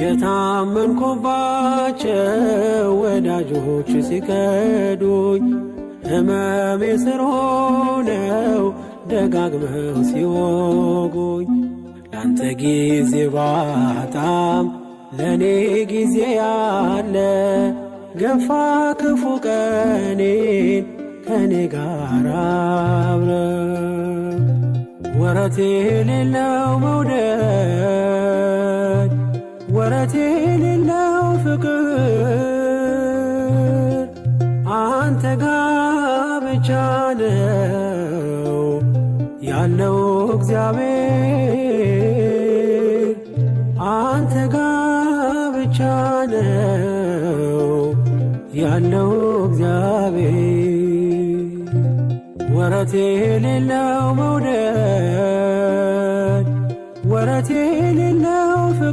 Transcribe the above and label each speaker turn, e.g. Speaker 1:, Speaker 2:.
Speaker 1: የታመንኩባቸው ወዳጆች ሲከዱኝ ሕመሜ ስር ሆነው ደጋግመው ሲወጉኝ ለአንተ ጊዜ ባጣም ለእኔ ጊዜ ያለ ገፋ ክፉ ቀኔን ከኔ ጋር አብረ ወረት የሌለው መውደድ ወረት የሌለው ፍቅር አንተ ጋ ብቻ ነው ያለው እግዚአብሔር አንተ ጋ ብቻ ነው ያለው እግዚአብሔር ወረት የሌለው መውደድ ወረት የሌለው ፍቅር